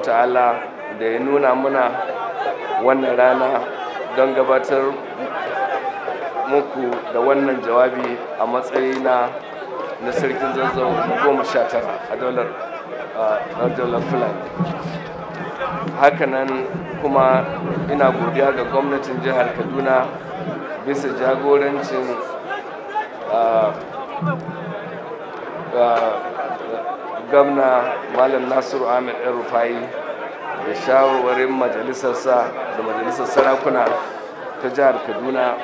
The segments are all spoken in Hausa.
ta'ala da ya nuna muna wannan rana don gabatar muku da wannan jawabi a matsayina na sarkin zazzau goma sha tara a dolar dolar fulani hakanan kuma ina godiya ga gwamnatin jihar kaduna bisa jagorancin gwamna malam nasiru amir ɗan rufayi da shawarwarin majalisarsa da majalisar sarakuna ta jihar kaduna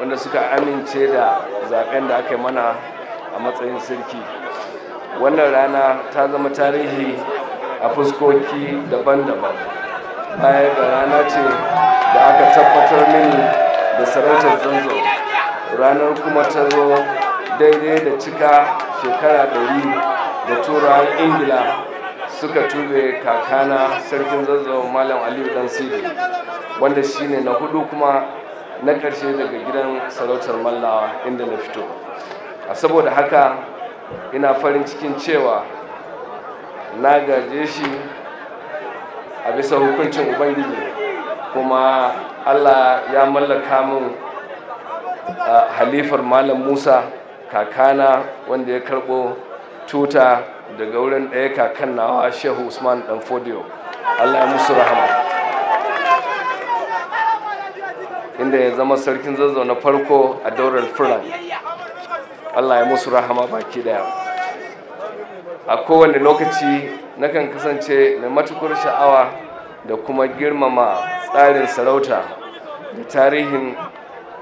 wanda suka amince da zaben da aka yi mana a matsayin sirki wannan rana ta zama tarihi a fuskoki daban-daban baya da rana ce da aka tabbatar mini da sarautar zanzo ranar kuma ta zo daidai da cika shekara ɗari da turawan ingila suka tube kakana sarkin zazzau malam aliyu dan sidi wanda shine na hudu kuma na karshe daga gidan sarautar mallawa inda na fito a saboda haka ina farin cikin cewa na gaje shi a bisa hukuncin ubangiji kuma allah ya mallaka min halifar malam musa kakana wanda ya karbo. tuta daga wurin ɗaya kakan nawa shehu usman fodiyo allah ya musu rahama inda ya zama sarkin zazzau na farko a daular firan allah ya musu rahama baki daya a kowane lokaci nakan kasance mai matukar sha'awa da kuma girmama tsarin sarauta da tarihin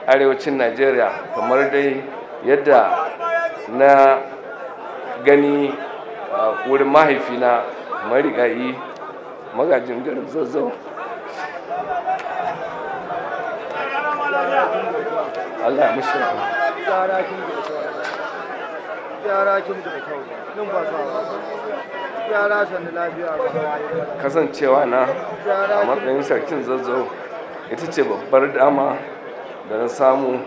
arewacin najeriya kamar dai yadda na gani wurin mahaifina marigayi magajin garin zazzau Allah ya mishi kasancewa na a matsayin sarkin zazzau ita ce babbar dama da na samu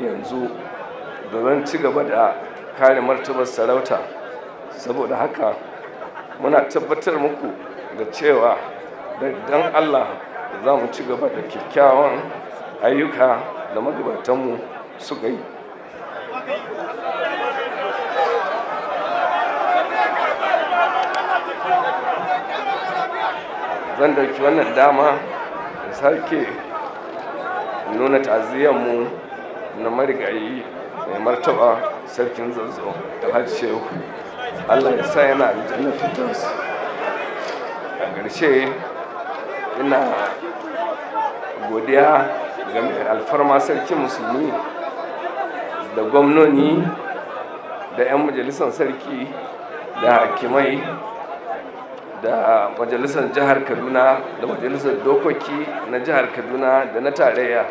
yanzu da zan ci gaba da kare martabar sarauta saboda haka muna tabbatar muku da cewa da allah za mu ci gaba da kyakkyawan ayyuka da magabatanmu su yi zan dauki wannan dama da sake nuna mu na marigayi mai martaba sarkin zazzau da shehu allah ya sa yana aljanna fitas a ƙarshe ina godiya ga mai alfarma sarkin musulmi da gwamnoni da 'yan majalisar sarki da hakimai da majalisar jihar kaduna da majalisar dokoki na jihar kaduna da na tarayya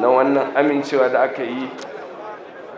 na wannan amincewa da aka yi